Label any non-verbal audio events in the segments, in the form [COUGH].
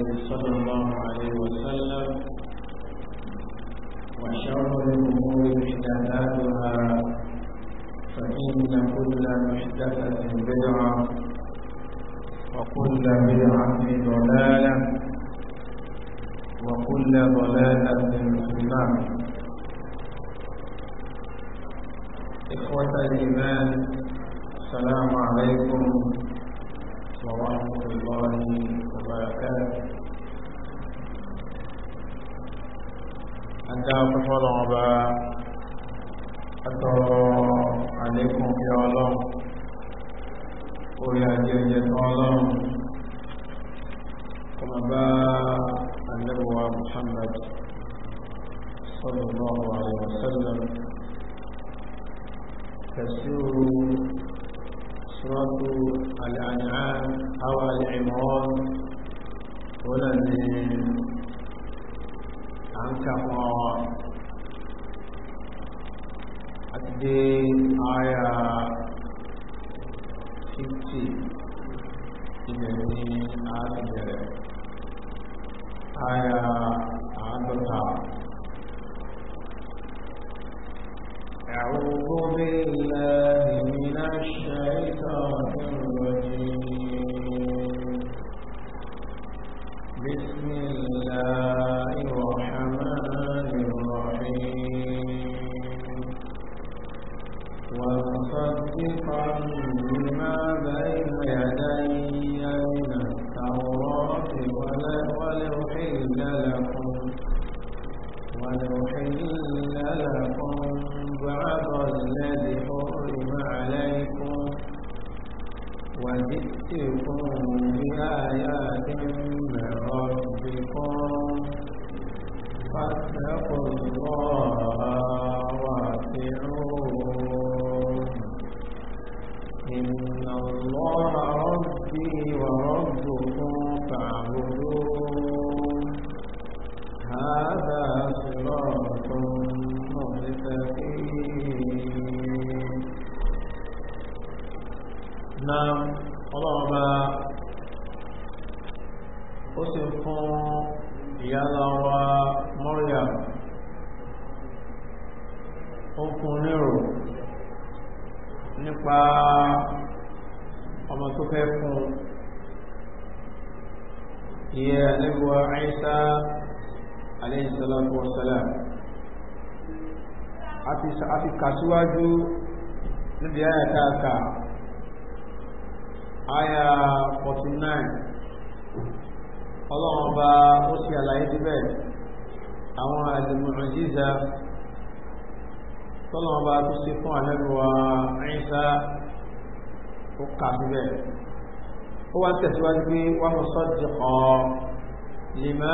محمد صلى الله عليه وسلم وشر الأمور محدثاتها فإن كل محدثة بدعة وكل بدعة ضلالة وكل ضلالة في النار إخوة الإيمان السلام عليكم ورحمة الله ما كان أنت أفضل عبا أترى عليكم يا الله ويا جنجة الله كما باء النبوة محمد صلى الله عليه وسلم تفسير سورة الأنعام أو العمران òun náà ni à ń kà fún ọwọ́ àti dé àyà 50 ibẹ̀ ni a ti bẹ̀rẹ̀ àyà àádọ́ta أعوذ بالله من الشيطان الرجيم بسم الله الرحمن الرحيم ومصدقا بين يدي من التوراة لكم لكم بعض الذي حرم عليكم وجئتكم dị ọzụ tọ ka rụruo a aasiratọ heheọlba osefụyala moria o nero ikpa fẹ́ fún ìyẹ́ àlẹ́wọ̀ àìsá aléìsọ́lọ́pù ọ̀sọ́lá a fi kàṣíwájú níbi ayà káàkà ayà 49 ọlọ́run ọba ó sì àlàyé síbẹ̀ àwọn àdìmọ̀jíza tọ́lọ́run ọba tó ṣe fún àlẹ́wọ̀ àìsá ó kà níbẹ̀ ó wá tẹ̀síwájú pé wọ́n mú sọ́ọ̀dì ọ̀ lè má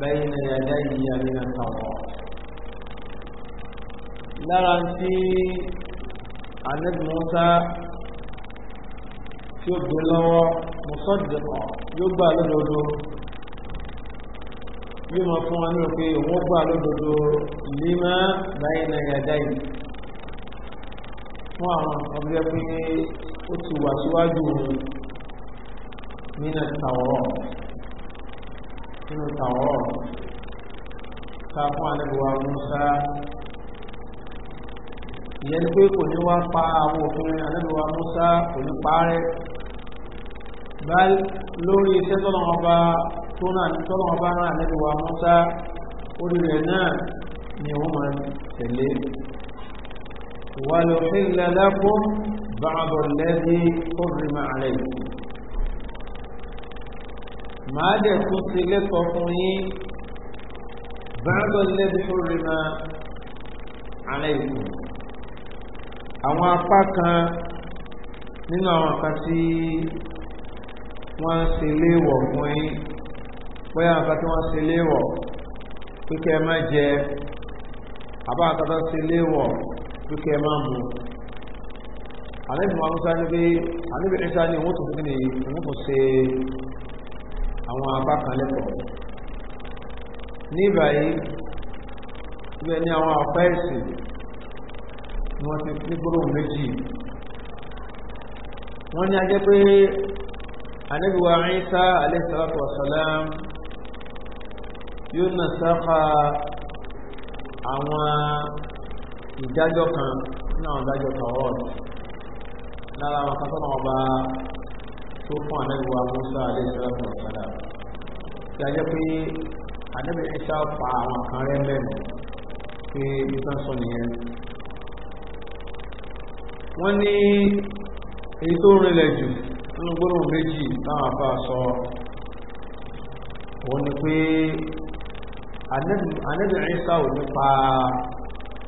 bẹ́yìn ẹ̀yà lẹ́yìn àmìnà tọ̀wọ̀ lára tí Ànábì Mùsá tí ó gbé lọ́wọ́ mú sọ́ọ̀dì ọ̀ yóò gbà lódodo yóò máa fún wa ní òpin òun gbà lódodo lè má bẹ́yìn ẹ̀yà lẹ́yìn fún àwọn ọ̀gbẹ́ pé ó ti wà síwájú nínú tàwọ́ nínú tàwọ́ ká fún àlẹ́bùwà Musa ìyẹn ni pé kò ní wá pa àwọn òfin àlẹ́bùwà Musa kò ní parẹ́ báyìí lórí iṣẹ́ tọ́lọ́mọba tó náà ní tọ́lọ́mọba náà àlẹ́bùwà Musa orí rẹ̀ náà ni wọ́n máa tẹ̀lé wàlúhìlẹ̀ lẹ́kùn بعض الذي حرم عليه ما ده كسلت وقني بعض الذي حرم عليكم àwọn apá kan nínú àwọn kan tí wọ́n ṣe léèwọ̀ fún yín bóyá àwọn kan tí wọ́n ṣe léèwọ̀ pé kẹ́ ẹ má jẹ àbá àkàtà ṣe léèwọ̀ pé kẹ́ ẹ má mu àníbi máa ń sá ní pé àníbi ìṣá ní òun tó fi ní òun tó ṣe àwọn abákan lẹ́kọ̀ọ́ ní ìbàyí ibẹ̀ ni àwọn àpá ẹ̀sìn ni wọ́n ti ní gbólóhùn méjì wọ́n ní ajẹ́ pé àníbi wa Ìsá alayhi salatu wassalam yóò nà sáfà àwọn ìdájọ́ kan náà ìdájọ́ kan ọ̀rọ̀ lára àwọn kan tọ́nà ọba tó fún ànẹ́gbọ́ amúsá aléṣẹ́lẹ́pọ̀ sọ́dà tí a jẹ́ pé ànẹ́bẹ̀ ìṣá fa àwọn kan rẹ̀ lẹ́nu pé ìtàn sọ nìyẹn wọ́n ní èyí tó rinlẹ̀ jù nínú gbólóhùn méjì táwọn afá sọ òun ni pé ànẹ́bẹ̀ ìṣá ò nípa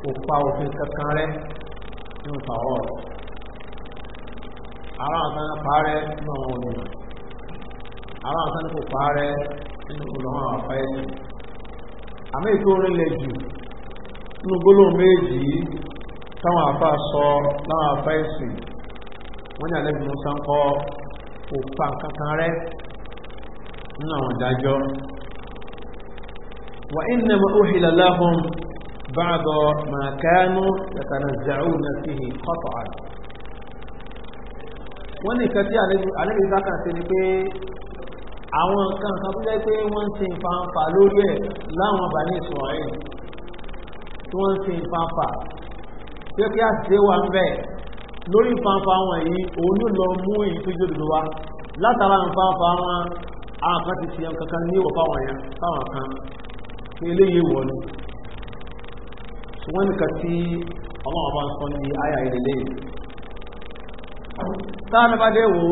òpa òfin kankan rẹ̀ nínú ọ̀rọ̀ àwọn àtàn parẹ́ nínú àwọn olùmọ̀ àwọn àtàn kò parẹ́ nínú olùmọ̀ àwọn afẹ́ẹ̀sì àmì ètò orílẹ̀ jù nínú gbólóhùn méjì táwọn afá sọ láwọn afẹ́ẹ̀sì wọ́n ní àlẹ́bí musa ń kọ́ kò pa kankan rẹ́ nínú àwọn ìdájọ́ wà innama uhila lahum ba'da ma kanu yatanazza'una fihi qat'an wọ́n ní nǹkan tí àlẹ́bí sáka ṣe ni pé àwọn nǹkan kan tó jẹ́ pé wọ́n ń ṣe ìfanfà lórí ẹ̀ láwọn bàní ìsọ̀rẹ́ tí wọ́n ń ṣe ìfanfà tí ó kí á ṣe wà ń bẹ̀ lórí ìfanfà wọn yìí òun ló lọ mú èyí tó jòdòdò wa látara ìfanfà wọn àwọn kan ti ṣe kankan ní ìwọ̀ fáwọn yẹn fáwọn kan tí eléyìí wọ̀ ṣùgbọ́n nìkan tí ọlọ́run bá ń sọ níbi ayà ilẹ̀ táwọn bá dé wo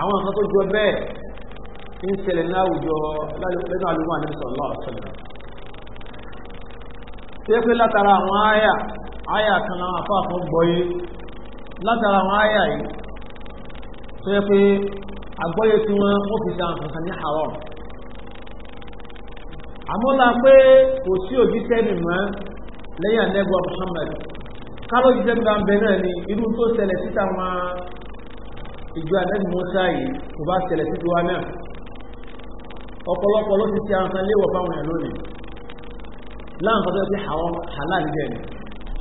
àwọn nǹkan tó jọ bẹ́ẹ̀ ń ṣẹlẹ̀ ní àwùjọ lẹ́nu àlùmọ́ ọ̀sẹ̀lẹ̀ pé látara àwọn àyà àyà kan láwọn afáàfún gbọ́yé látara àwọn àyà yìí pé àgbọ́yé tí wọ́n fi pé kò sí lẹ́yìn kálọ́ jíjẹ́ gbàǹbẹ̀ náà ni irú ìjọ ànábì Mùsá yìí kò bá ṣẹlẹ̀ sí tiwa náà ọ̀pọ̀lọpọ̀ ló ti ṣe àwọn kan léwọ̀ fáwọn ẹ̀ lónìí láǹkan tó ti àwọn halal jẹ ni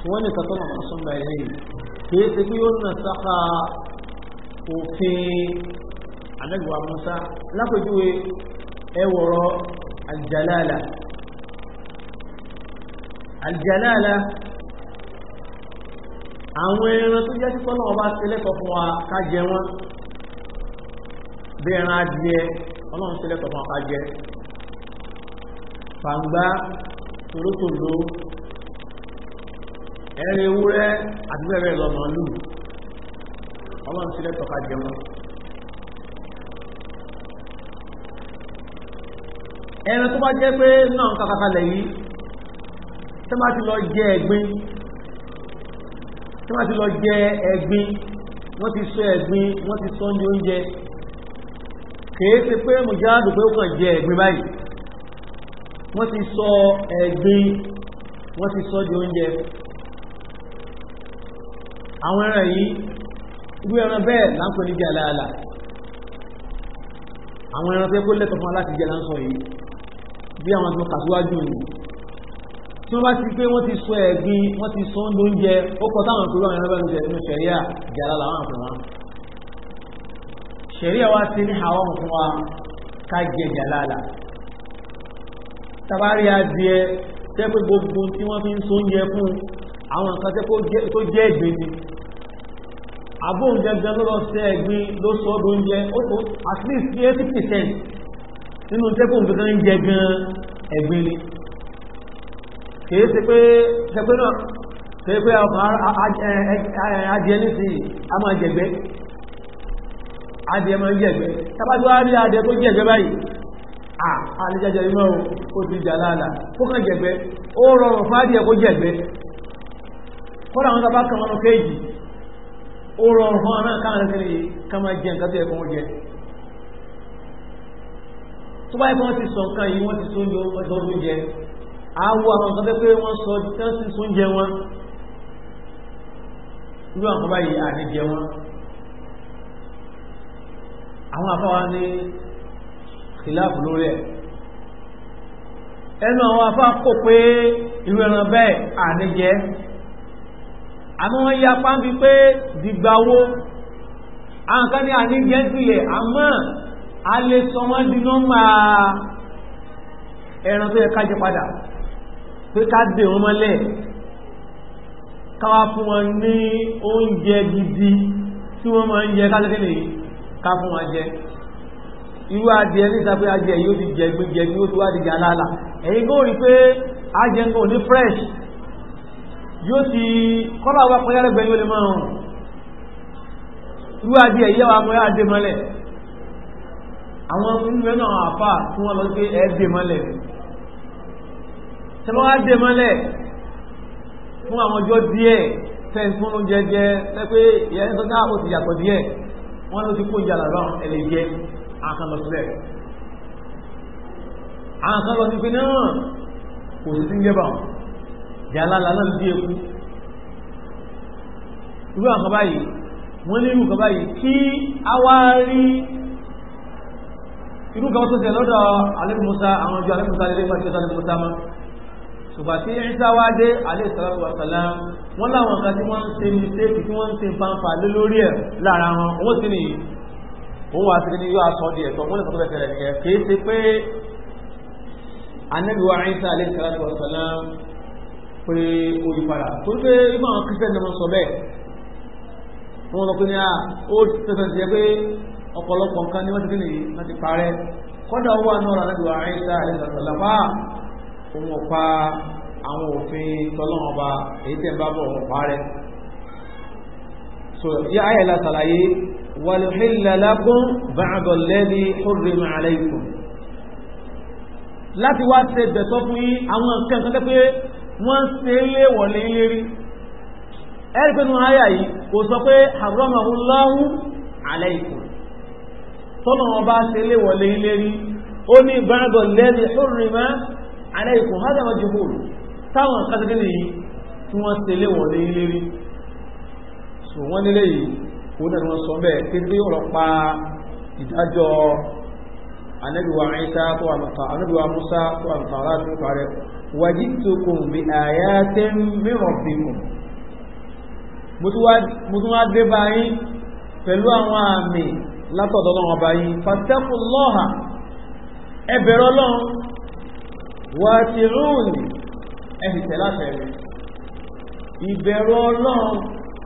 wọ́n ní kàtọ́ náà sọ́n bá yìí kìí ṣe kí yóò nà sáka òfin ànábì wa Mùsá lápèjúwe ẹ wọ̀rọ̀ àwọn ẹran tó jẹ́ sí pọ́nà ọba tẹ́lẹ̀kọ́ fún wa ká jẹ wọ́n bí ẹran adìẹ ọlọ́run tẹ́lẹ̀kọ́ fún wa ká jẹ fàǹgbá tòlótòló ẹran ewúrẹ́ àti bẹ́ẹ̀ lọ màálù ọlọ́run tẹ́lẹ̀kọ́ ká jẹ wọ́n ẹran tó bá jẹ́ pé náà yìí tẹ́ bá tí wọ́n ti lọ jẹ ẹ̀gbin wọ́n ti sọ ẹ̀gbin wọ́n ti sọ oúnjẹ oúnjẹ kìí ṣe pé mùjáàdù pé ó kàn jẹ ẹ̀gbin báyìí wọ́n ti sọ ẹ̀gbin wọ́n ti sọ di oúnjẹ àwọn ẹran yìí irú ẹran bẹ́ẹ̀ là ń pè ní jàlàlà àwọn ẹran tó kó lẹ́tọ̀ọ́ fún aláti jẹ láǹsọ̀ yìí bí àwọn tó kàṣíwájú yìí tí wọ́n bá ti pé wọ́n ti sọ ẹ̀gbin wọ́n ti sọ oúnjẹ ó kọ táwọn tó lọ́wọ́ ẹ̀rọ oúnjẹ nínú ṣẹ̀ríà ìjàlá làwọn àpò wọn ṣẹ̀ríà wa ti ní àwọn fún wa ká jẹ jàlálà tabari adìẹ tẹ́gbẹ́ gbogbo tí wọ́n fi ń sọ oúnjẹ fún àwọn nǹkan tẹ́ tó jẹ́ ẹ̀gbin ni àbóhùn gangan ló lọ sí ẹ̀gbin ló sọ ọdún oúnjẹ ó tó at least eighty percent nínú tẹ́gbẹ́ òǹkankan ń jẹ gan ẹ̀gbin ni kìí ṣe náà adìẹ nísìnyí a máa jẹ̀gbẹ́ adìẹ máa jẹ̀gbẹ́ tábàtí wá rí adìẹ báyìí ti jà kó kàn ó rọrùn fún adìẹ kó tàbá kan wọn kéèjì ó rọrùn fún ká máa jẹ nǹkan tó yẹ kó jẹ tó àwọ àwọn kan pé wọ́n sọ tán sí sún jẹ wọn irú àwọn kan báyìí àní jẹ wọn àwọn afáwa ní kìláàfù lórí ẹ̀ ẹnu àwọn afá kò pé irú ẹran bẹ́ẹ̀ àní jẹ àmọ́ wọ́n yá pàǹbí pé dìgbàwó àwọn kan ní àní sílẹ̀ àmọ́ a lè sọ wọ́n di nọ́mbà ẹran tó yẹ ká jẹ padà pé ká dè wọ́n mọ́lẹ̀ káwá fún wọn ní oúnjẹ gidi tí wọ́n máa ń jẹ kálẹ́kẹ́ lè ká fún wọn jẹ irú adìẹ ní ìta pé adìẹ yóò ti jẹ gbẹgbẹ ní ó ti wá di jalala ẹ̀yin kò rí pé adìẹ ń kò ní fresh yóò ti kọ́lá wa kọjá lẹ́gbẹ̀ẹ́ yóò lè máa hàn irú adìẹ yíyá wa kọjá adé mọ́lẹ̀ àwọn nínú ẹ̀ náà àfà tí wọ́n lọ sí ẹ̀ dé mọ́lẹ̀ tẹ́lọ́ á dé mọ́lẹ̀ fún àwọn ọjọ́ díẹ̀ fẹ́ǹtún ló jẹjẹ pẹ́pẹ́ ìyẹn tó dáàbò ti yàtọ̀ díẹ̀ wọ́n ló ti kó ìjà lọ́rọ̀ ẹ̀lẹ́ jẹ àkàn lọ sílẹ̀ àkàn lọ sí pé náà kò sí ń gẹ́bà jàlálà náà lójú eku irú àkàn báyìí wọ́n ní irú kan báyìí kí a wá rí irú kan tó tẹ̀ lọ́dọ̀ alẹ́ Musa àwọn ọjọ́ alẹ́ Musa lè lè máa ṣe sálẹ́ Musa máa ṣùgbọ́n tí Ìsá wá dé alayhi salatu wa salam wọ́n láwọn kan tí wọ́n ń ṣe mistake tí wọ́n ń ṣe fanfa lé lórí ẹ̀ lára wọn wọ́n sì nìyí wọ́n wá sí ní yóò aṣọ di ẹ̀tọ́ wọ́n lè sọ pé bẹ̀rẹ̀ nìyẹn kì í ṣe pé Ànábì wa Ìsá alayhi salatu wa salam pé olùpadà tó pé ibà àwọn kristian náà sọ bẹ́ẹ̀ wọ́n lọ pé ní à ó tẹ̀sán ti pé ọ̀pọ̀lọpọ̀ nǹkan ni wọ́n ti fi nìyí wọ́n ti parẹ́ kọ́dà owó àná ọ̀rọ̀ wa Ìsá alayhi salatu òun pa àwọn òfin tọ́lọ́wọ́n ba èyí tẹ̀ bá bọ̀ òun pa rẹ̀ so yá ayé la ṣàlàyé wàlúhìlà lákún bàbá lẹ́ni hurrima alaykum láti wá ṣe dẹ̀tọ́ fún yín àwọn nǹkan kan tẹ́ pé wọ́n ṣe lé wọ̀lé lérí ẹ̀rí pé nínú ayé yìí kò sọ pé harramahullahu alaykum tọ́lọ́wọ́n bá ṣe lé wọ̀lé lérí ó ní bàbá lẹ́ni aláìkò hádàmà jùmúrù táwọn kásìkiri tí wọ́n ṣe lé so wọ́n nílé yìí kò náà wọ́n sọ bẹ́ẹ̀ ọ̀rọ̀ pa Musa tó parẹ́ wàjí tó bí tẹ́ mìíràn bí mo tún wá dé pẹ̀lú àwọn àmì wà ti rúùnì tẹ̀lá tẹ̀lé ìbẹ̀rù ọlọ́run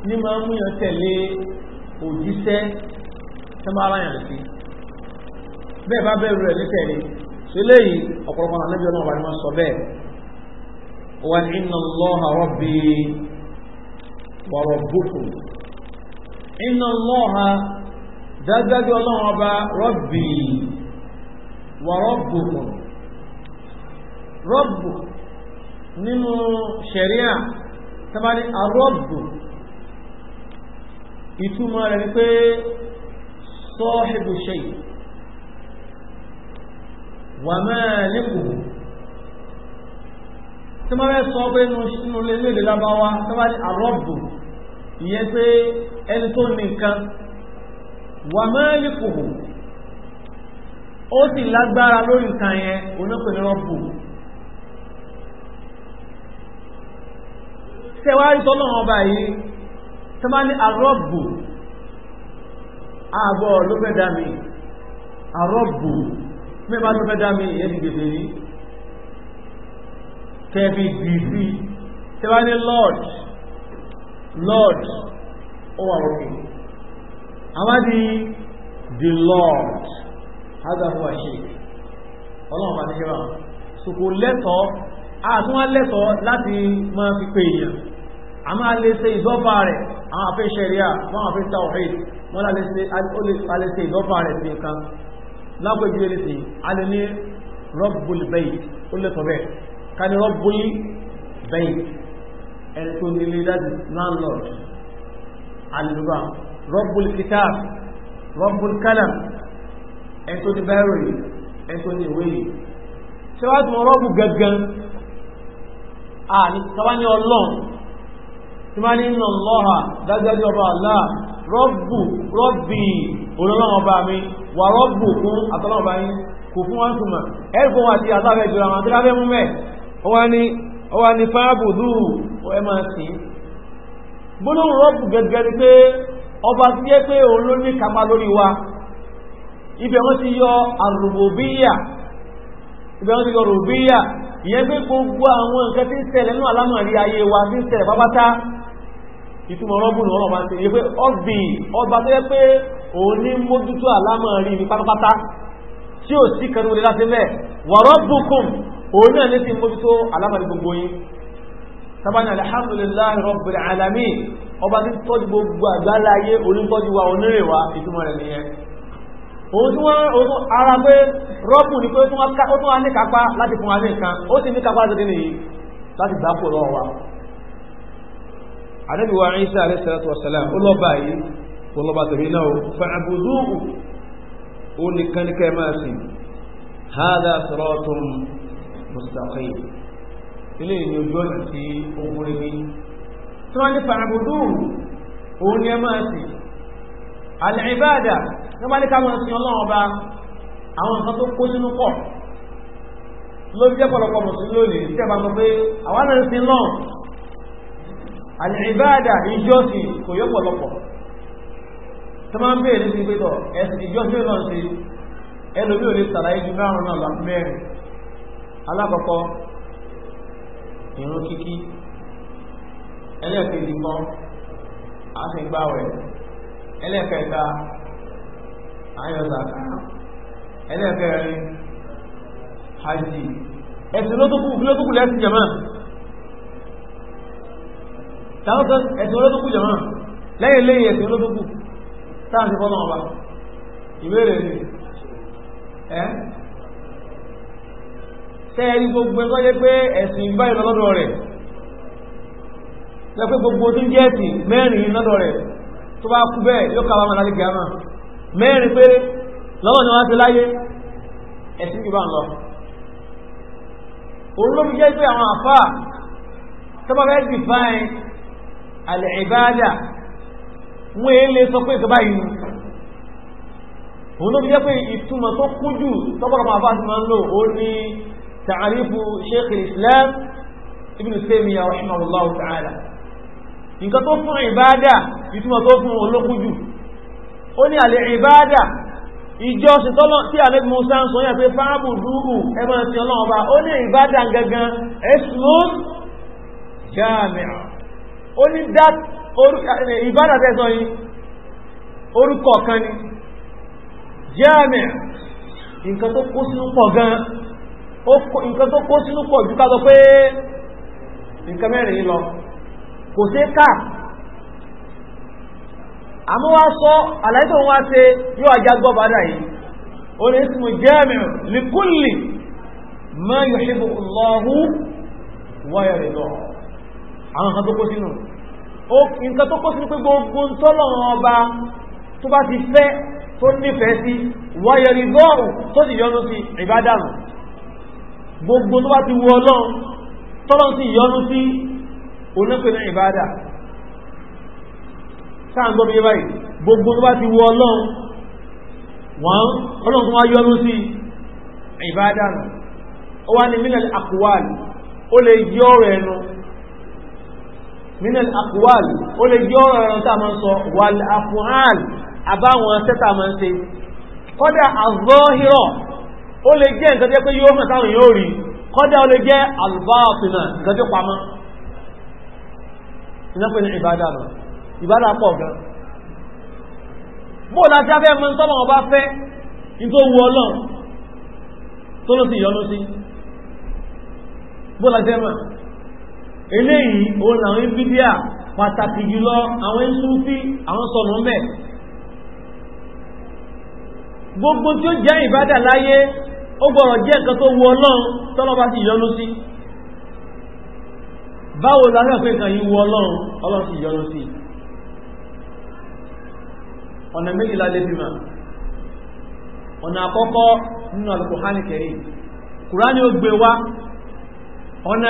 ní máa mú yàn tẹ̀lé òjíṣẹ́ tó máa rà yàn sí bẹ́ẹ̀ bá bẹ̀rù rẹ̀ ọ̀pọ̀lọpọ̀ àlejò náà wà ní sọ bẹ́ẹ̀ wà ní inna Allaha rabbi wa rabbukum dájúdájú ọlọ́run ọba rọ́bù nínú ṣẹ̀ríà tàbí arọ́bù ìtumọ̀ rẹ̀ ni pé sọ́ọ̀hìbù ṣe wà máa nípòhù tí ma rẹ̀ sọ pé nínú léléèdè lábáwá tàbí arọ́bù ìyẹn pé ẹni tó nìkan wà máa nípòhù ó sì lágbára lórí nǹkan yẹn onípẹ̀lẹ́rọ̀bù tẹwàá ìtọ́lọ́ ọba yìí tẹ máa ní arọ́bù ààbọ̀ ló fẹ́ dá mi arọ́bù mẹ́bà ló fẹ́ dá mi ẹni gbèdè yìí kẹfì gbìgbì tẹwàá ní lord lord ó wà òkè àwọn di the lord azahuwa ṣe ọlọ́run bá ti ṣe bá so kò lẹ́tọ̀ọ́ àtúnwá lẹ́tọ̀ọ́ láti máa fi pé èèyàn a máa lè ṣe ìdọ́fà rẹ̀ àwọn àfẹ́ ṣẹ̀ríà wọ́n àfẹ́ tawhid wọ́n a lè ṣe ìdọ́fà rẹ̀ sí nǹkan lápẹ̀júwé ní sí a lè ní Rabbul Bayt ó lè tọ́bẹ̀ ká ní Rabbul Bayt ẹni tó nílé dájú landlord alùbá Rabbul Kitab Rabbul Kalam ẹni tó ní bẹ́rù yìí ẹni tó ní ìwé yìí ṣe wá tún rọ́bù gangan a ní ní ọlọ́run tí máa ní ìnà lọ́ha dájájú ọba àlá rọ́bù rọ́bì olólọ́ọba mi wà rọ́bù fún àtọ́lọ́ọba yìí kò fún wọn túnmà ẹ̀kùn àti àtàbẹ̀ jùlọ àwọn tíráfẹ́ mú mẹ́ ọwá ní fáàbùdù ẹ máa sí gbólóhùn rọ́bù gẹ́gẹ́ ni pé ọba ti jẹ́ pé òun ló kapa lórí wa ibẹ̀ wọ́n ti yọ àrùbòbíyà ìyẹn pé gbogbo àwọn nǹkan tí ń ṣẹlẹ̀ nínú àlámọ̀rí ayé wa tí ń ṣẹlẹ̀ pápátá ìtumọ̀ rọ́bùn ọ̀rọ̀ bá ń tẹ́ pé ọgbì ọba tó yẹ pé òun ní mójútó àlámọ̀ rí ní pátápátá tí ò sí kanú láti mẹ́ wà rọ́bùkùn òun náà ní ti mójútó àlámọ̀ rí gbogbo yín sábàní alhamdulillahi rabbil alamin ọba tí tọ́jú gbogbo àgbáláyé onítọ́jú wa onírè wa ìtumọ̀ rẹ̀ nìyẹn òun tí wọ́n ogun ara pé rọ́bù ni pé ó tún wá ní kápá láti fún wa ní nǹkan ó sì wa ànábì wa Isa alayhi salatu wa salam ọlọ́ba yìí ọlọ́ba tẹ̀lé náà fa'buduhu ó nìkan ní kẹ́ẹ̀ máa sìn hadha siratun mustaqim ilé ìní ojú ọ̀nà tí ó múrí ní tí wọ́n ní fa'buduhu òun ni ẹ máa sìn al-ibada ní wọ́n ní ká àlìbáàdà ìjọsìn kò yọ pọ̀lọpọ̀ tó máa ń bèèrè sí pé tọ̀ ẹ̀sìn ìjọsìn náà ṣe ẹlòmí ò lè sàlàyé ju márùn náà lọ mẹ́rin alákọ̀ọ́kọ́ ìrun kíkí ẹlẹ́ẹ̀kejì kan àṣegbáwẹ̀ ẹlẹ́ẹ̀kẹta ayọ̀zàká ẹlẹ́ẹ̀kẹrin hajj ẹ̀sìn lótókù lẹ́sìn jẹ̀mọ́ tàwọn ẹ̀sìn olótókù jẹ̀ lẹ́yìn lẹ́yìn ẹ̀sìn fọ́nà ọba ìbéèrè gbogbo ẹ̀kọ́ pé ẹ̀sìn lọ́dọ̀ rẹ̀ pé gbogbo tó ń jẹ́ ẹ̀sìn mẹ́rin lọ́dọ̀ rẹ̀ tó bá kú bẹ́ẹ̀ yóò kàwà mọ̀ lálẹ́ gàmà mẹ́rin péré lọ́wọ́ ni wọ́n ti láyé ẹ̀sìn ìbá ń lọ òun ló fi jẹ́ pé àwọn àfáà tó alìbádà wọ́n èé lè sọ pé ìkẹbá yìí òun ló fi jẹ́ pé ìtumọ̀ tó kú jù tọ́pọ̀lọpọ̀ àbá ti máa ń lò ó ní tààrífù sheikh islam ibn Taymiyyah rahimahullahu ta'ala nǹkan tó fún ìbádà ìtumọ̀ tó fún olókú jù ó ní alìbádà ìjọ ṣètọ́lọ́ tí alẹ́bí musa ń sọ yẹn pé fáàbù dúrù ẹmọ́ ti ọlọ́ọ̀bá ó ní ìbádà gangan ẹ̀sùn jáàmìà ó ní that ìbádà tẹ́sọ yìí orúkọ kan ni jẹ́ẹ̀mẹ̀ nǹkan tó kó sínú pọ̀ gan nǹkan tó kó sínú pọ̀ jù ká sọ pé nǹkan mẹ́rin lọ kò sí ká àmú wá sọ àlàyé wá ṣe yóò ajágbọ́ bádà yìí ó ní ismu jẹ́ẹ̀mẹ̀ likulli ma yuhibbu Allahu wa yarida àwọn nǹkan tó kó sínú nǹkan tó kó sínú pé gbogbo tọ́lọ̀wọ̀n ọba tó bá ti fẹ́ tó nífẹ̀ẹ́ sí wáyẹ̀rí gọ́ọ̀rùn tó sì yọnu sí ìbádànù gbogbo tó bá ti wọ ọlọ́run tọ́lọ̀ sí yọnu sí onípẹ̀lẹ̀ ìbádà sáàgbọ́ bí báyìí gbogbo tó bá ti wọ ọlọ́run wọ́n ọlọ́run tó wá yọnu sí ìbádànù ó wá ní mílẹ̀ àkùwàlì ó lè yọ ọ̀rọ̀ ẹnu nínú àkùwàl o le jẹ́ ọ̀rọ̀ ẹran tàà ma sọ wàl àkùhàn àbáwọn tẹ́ta máa ń ṣe kọ́dà àzọ́hírọ̀ ó lè jẹ́ nǹkan jẹ́ pé yóò hàn táwọn yóò rí kọ́dà ó lè jẹ́ albáàfìnà nǹkan jẹ́ pamọ́ ní ìbádà ìbádà pọ̀ gan mọ́ wu tó eléyìí òun làwọn bídíà pàtàkì jùlọ àwọn ìsúfí àwọn sọ̀nà mẹ́ gbogbo tí ó jẹ́ ìbádà láyé ó gbọ́rọ̀ jẹ́ nǹkan tó wu Ọlọ́run tọ́lọ́bá sì yọ́nú sí báwo la fẹ́ kan nǹkan yìí Ọlọ́run Ọlọ́run sì sí ọ̀nà méjì lálé ọ̀nà àkọ́kọ́ nínú Kùránì ó gbé ọ̀nà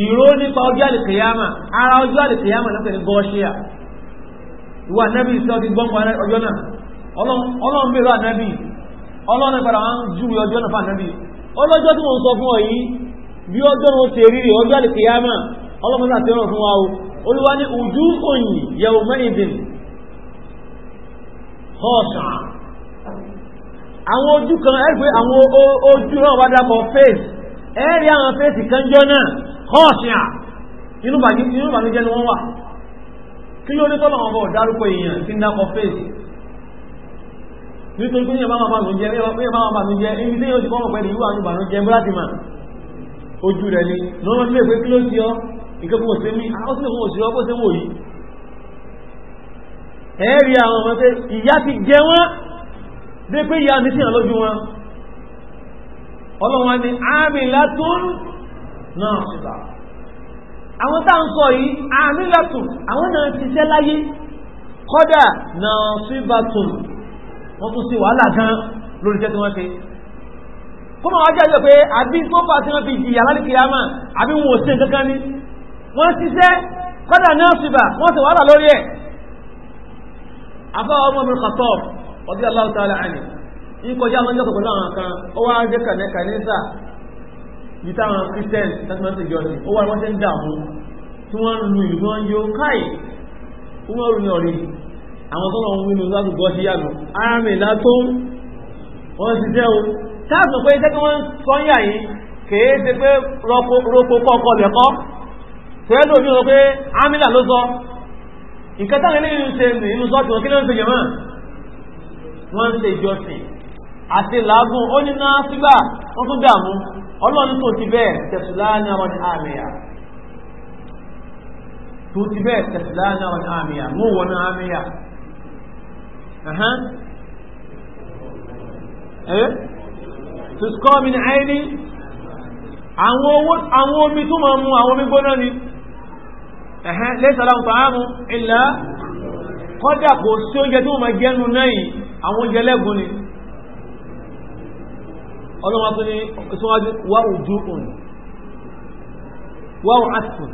ìró nípa ọjọ́ àlìkìyàmà ara ọjọ́ àlìkìyàmà náà pẹ̀lú ìwà nẹ́bí sọ ti gbọ́n pọ̀ ọjọ́ náà ọlọ́run bèèrè ànẹ́bí ọlọ́run ìpàdà wọn jù ọjọ́ náà fànẹ́bí ọlọ́jọ́ tí wọ́n sọ fún ọ yìí bí ọjọ́ náà ṣe rí ọjọ́ àlìkìyàmà ọlọ́run fún wa o olúwa ní ojú òyìn àwọn ojú kan àwọn ojú náà wá fèsì àwọn fèsì kan jọ náà kọ́ọ̀sìn à inú bàjẹ́ ni wọ́n wà kí ló dé tọ́lọ̀ wọn bọ̀ èèyàn tí ń dákọ fèsì nítorí pé yẹ̀bá máa bàmí jẹ́ yẹ̀bá máa bàmí jẹ́ ibi tí yóò ti kọ́mọ̀ pẹ̀lú ìwà àrùn bàmí jẹ́ ojú rẹ̀ ni lọ́nà tí pé kí ló ti ọ́ ìkẹ́kọ̀ọ́ wò sí mi ó sì lè wò ọ́ bó ṣe wò yìí ẹ rí àwọn ọmọ pé ìyá ti jẹ wọ́n dé pé ìyá mi sì hàn lójú wọn ọlọ́wọ́n ni àmì látún náà ṣùgbà àwọn tá ń sọ yìí àmìlẹ̀tùn àwọn náà ti ṣẹ́ láyé kọ́dà náà ṣùgbàtùn wọ́n tún sí wàhálà gan lórí jẹ́ tí wọ́n ṣe kó máa wájú àjọ pé àbí tó fà tí wọ́n fi jìyà lálẹ́ kìyàmà àbí wọn ò ṣe kankan ni wọ́n ṣiṣẹ́ kọ́dà náà ṣùgbà wọ́n ṣe wàhálà lórí ẹ̀ afọ́ ọmọ mi kàtọ́ ọdí aláwọ̀ tààlà àní ìkọjá àwọn ọjọ́ kọ̀ọ̀kan ó wá ń jẹ́ kàníkà bí táwọn christian tẹ́sán ti jọ́sìn ó wà wọ́n ṣe ń dààmú tí wọ́n ń lu ìlú wọn yóò káì ó mọ̀ rìn ọ̀rìn àwọn tó wọn wínú láti gbọ́ sí yàgò àmì látó wọ́n ti jẹ́ o táàtù pé iṣẹ́ tí wọ́n sọ́yà yìí kèé ṣe pé rọ́pò kọ́kọ́ lẹ́kọ́ tẹ́lẹ̀ lómi sọ pé amílà ló sọ ìkẹtàlẹ́ nínú ṣe nínú sọ́ọ̀tì wọn kí ló ń ṣe jẹ̀mọ́ wọ́n ń ṣe ìjọsìn àti làágùn ó ní náà sígbà wọ́n tún dààmú ọlọ́run tó ti bẹ́ẹ̀ tẹ̀sùláàna wọn àmìyà tó ti bẹ́ẹ̀ tẹ̀sùláàna wọn àmìyà mú wọn àmìyà tùsùkọ́ mi ní àìní àwọn omi tó máa mú àwọn omi gbóná ni lẹ́sàlá ń fàámù ìlà kọ́dà kò sí oúnjẹ tó máa jẹ́nu náà àwọn oúnjẹ lẹ́gùn ni ọlọ́wọ́ tó ní síwájú wáwù jùún wáwù asùn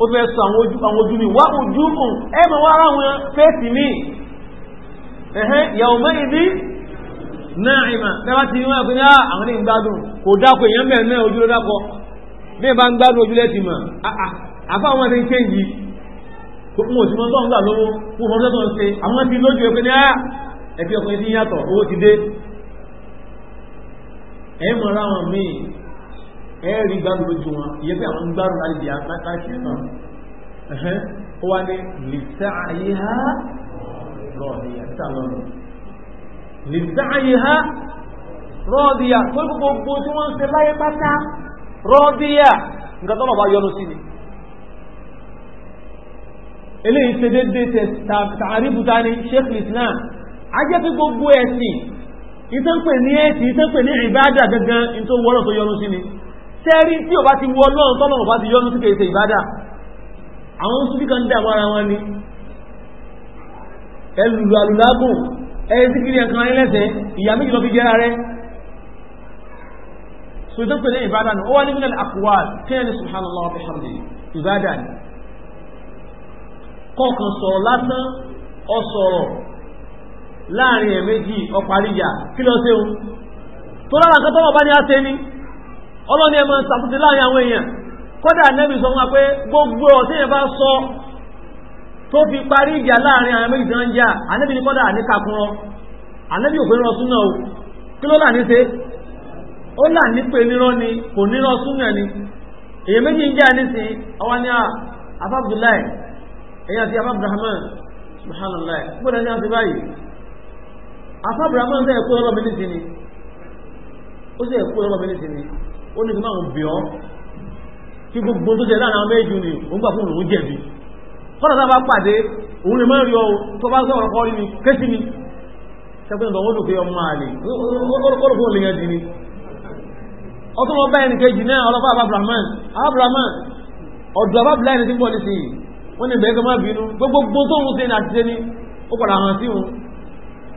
ó fẹ́ sọ àwọn ojú àwọn ojú ní wáwù jùún ẹ mọ̀ wá ráwọn fẹ́ẹ̀sì ní ẹ̀hẹ́ yàwó mẹ́ìdí náà ìmà tẹ́wà ti wọ́n pín náà àwọn ní gbádùn kò dákò èèyàn mẹ́rin náà ojú ló dákọ bí ìbá ń gbádùn ojú lẹ́ti mọ̀ ah, ah, àfá àwọn ẹni kéjì tó kún òsì mọ́tọ́ ń gbà lówó fún ọmọdé tó ń ṣe àwọn ti lójú ẹ mọ̀ láwọn míì ẹ rí gbádùn lójú wọn iye pé àwọn gbárùn láti di àtàkì náà ó wá ní lìsáàyíhá rọ̀ọ̀dìyà tí àwọn ọ̀rọ̀ lìsáàyíhá rọ̀ọ̀dìyà tó gbogbo tí wọ́n ń ṣe láyé pátá rọ́díyà nǹkan tó bàbá yọ́nú sí ni eléyìí ṣe dédé tààríbùta ni sheikh islam a pé gbogbo ẹ̀sìn ìtẹ́pẹ̀ ní ẹ̀tì ìtẹ́pẹ̀ ní ìbádà gangan in tó wọ́lọ̀ tó yọnu sí ni tẹ́rí tí ò bá ti wọ́ lọ́n tọ́lọ̀ bá ti yọnu sí kèèsè ìbádà àwọn súnfí kan dà mọ́ra wọn ni ẹlùlù alùlágùn ẹyẹ sí kiri ẹ̀kan ẹlẹ́sẹ̀ ìyá méjì lọ fi jẹ́ra ọ̀sọ̀rọ̀ láàrin ẹ̀mẹ́jì ọparíyà kí lọ sí ohun tó lára kan tọ́wọ́ bá ní á ní ọlọ́ni ẹmọ ṣàtúnṣe láàrin àwọn èèyàn kódà nẹ́bí sọ wọn pé gbogbo ọ̀tí yẹn bá sọ tó fi parí ìjà láàrin àwọn méjì náà ń jà ànẹ́bí ní o kí ló là ní ṣe ó là ní pé ni kò súnà ni méjì ń jà nísìn ọwọ́ ní ti subhanallah gbọ́dọ̀ afábìrámán sẹ́ ẹ̀kú ọlọ́mọ ní sinmi ó sì ẹ̀kú ọlọ́mọ ní sinmi ó ní kí máa ń bì ọ́ kí gbogbo tó jẹ́ láàrin àwọn méjì ni òun gbà fún òun jẹ̀bi kọ́nà tá a bá pàdé òun lè má rí ọ tó bá sọ̀rọ̀ kọ́ rí mi kéṣì mi sẹ́kùn ìgbà wọ́n lò pé ọmọ àlè kọ́rọ̀ fún òun yẹn ni ọtún wọn bá ẹnì kejì náà ọlọ́pàá abábrahman abábrahman ọ̀dọ̀ abábìlá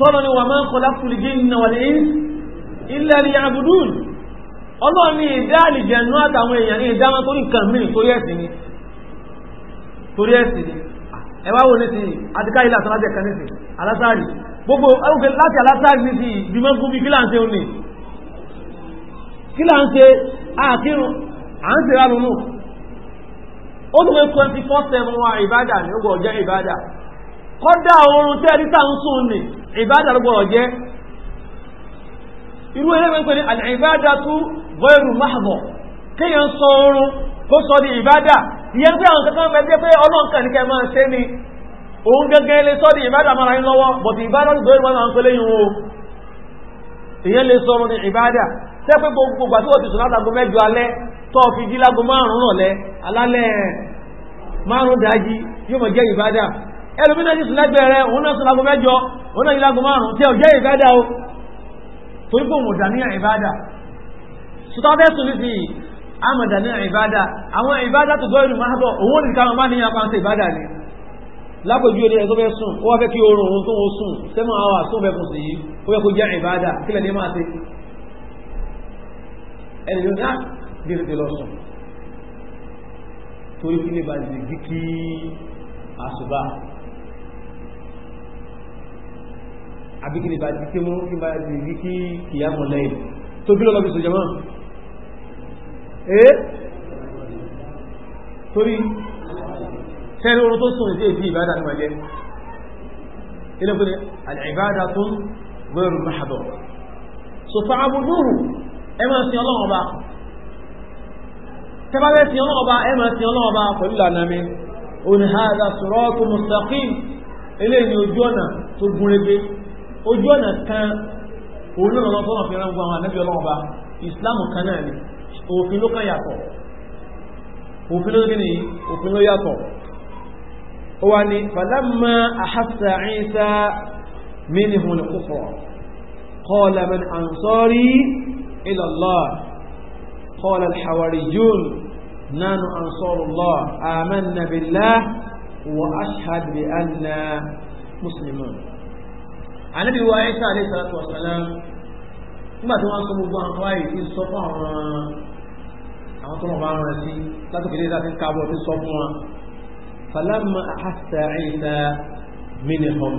tọ́lọ ni wà máa ń kọ lápùlì jíìnà wà ní ilẹ̀ ni àbùdùn ọlọ́run ní ìdá àlìjẹ̀nú àtàwọn èèyàn ní ìdá wọn torí nǹkan mìíràn torí ẹ̀sìn ni torí ẹ̀sìn ni ẹ wá wò ní ti àtiká ilé àtàwọn àjẹkà ní ti alásàárì gbogbo ẹgbẹ́ láti alásàárì ní ti bímọ gún bí kílà ń òní kílà ń àkírun à ń ṣe ránunú ó tún twenty four seven wa ìbádà ní ó gbọ́ jẹ́ kọ́dà oorun tẹ́ẹ̀rí tá ń ìbádà ló gbọ́dọ̀ iru irú ẹlẹ́gbẹ̀ẹ́ pẹ̀lú àìbádà tó gọ́ẹ̀rù máàbọ̀ kéèyàn sọ oorun kó sọ di kankan di mara ń lọ́wọ́ bọ̀tí ìbádà n gọ́ẹ̀rù máàbọ̀ pẹ̀lú yìí wo ìyẹn lè sọ oorun ní ìbádà tẹ́ pé gbogbo gbà tí wọ́n ti sùn látago mẹ́jọ alẹ́ tó fi jí lágo márùn-ún rọ̀lẹ́ alálẹ̀ márùn-ún ẹlòmínà ní sílẹ́gbẹ̀ẹ́ rẹ̀ òun náà sílágún mẹ́jọ òun náà ìlágún márùn-ún tí ó jẹ́ ìbádà o torí pé òun dàní ìbádà sùtọ́fẹ́ sùn ní sí àmà dàní ìbádà àwọn ìbádà tó gbọ́ ìrùn máàbọ̀ òun ní káwọn máa níyàn pàǹsẹ̀ ìbádà ni lápòjú ilé ẹ̀tọ́ fẹ́ sùn ó wá fẹ́ kí oorun òun tó ń sùn sẹ́mọ̀ àwọn àsùn fẹ́ kùn sí yìí ó fẹ́ kó jẹ́ ìbádà kílẹ̀ ní máa ṣe ẹni ló náà ah, bí tètè lọ sùn torí kí lè bá ti di kí àbí kí ni bá ti ké mú kí bá ti rí kí kìyàmù lẹ́yìn tó kí lọ́lọ́ fi sọ jẹmọ́ ee torí sẹ́rí orun tó sùn sí èdè ìbádà tó máa jẹ́ ilé pé al-ibada tó ń gbẹ̀rù mahadọ̀ so fa abuduhu ẹ máa sin ọlọ́run ọba tẹ́bàbẹ́ sin ọlọ́run ọba ẹ máa sin ọlọ́run ọba pẹ̀lú ìlànà mi òní hada siratu mustaqim eléyìí ojú ọ̀nà tó gúnrégé ojú ọ̀nà kan òun náà lọ́wọ́ fọ́nà fẹ́ràn gbọ́ àwọn ànábì ọlọ́wọ́ bá ìsìláàmù kan náà ni òfin ló kàn yàtọ̀ òfin ló gíní òfin ló yàtọ̀ ó wà ní falamma ahassa Isa minhum al-kufra qala man ansari ila Allah qala al-hawariyun nanu ansarullah amanna wa ashhadu anna muslimun ànábì wa ayé sáà lè sọ àti ọ̀sánlá nígbà tí wọ́n sọ gbogbo àwọn fáyì tí sọ fún àwọn àwọn tó wọn bá rán sí látòkè lè láti kábọ̀ tí sọ fún wọn falamma ahassa Isa minhum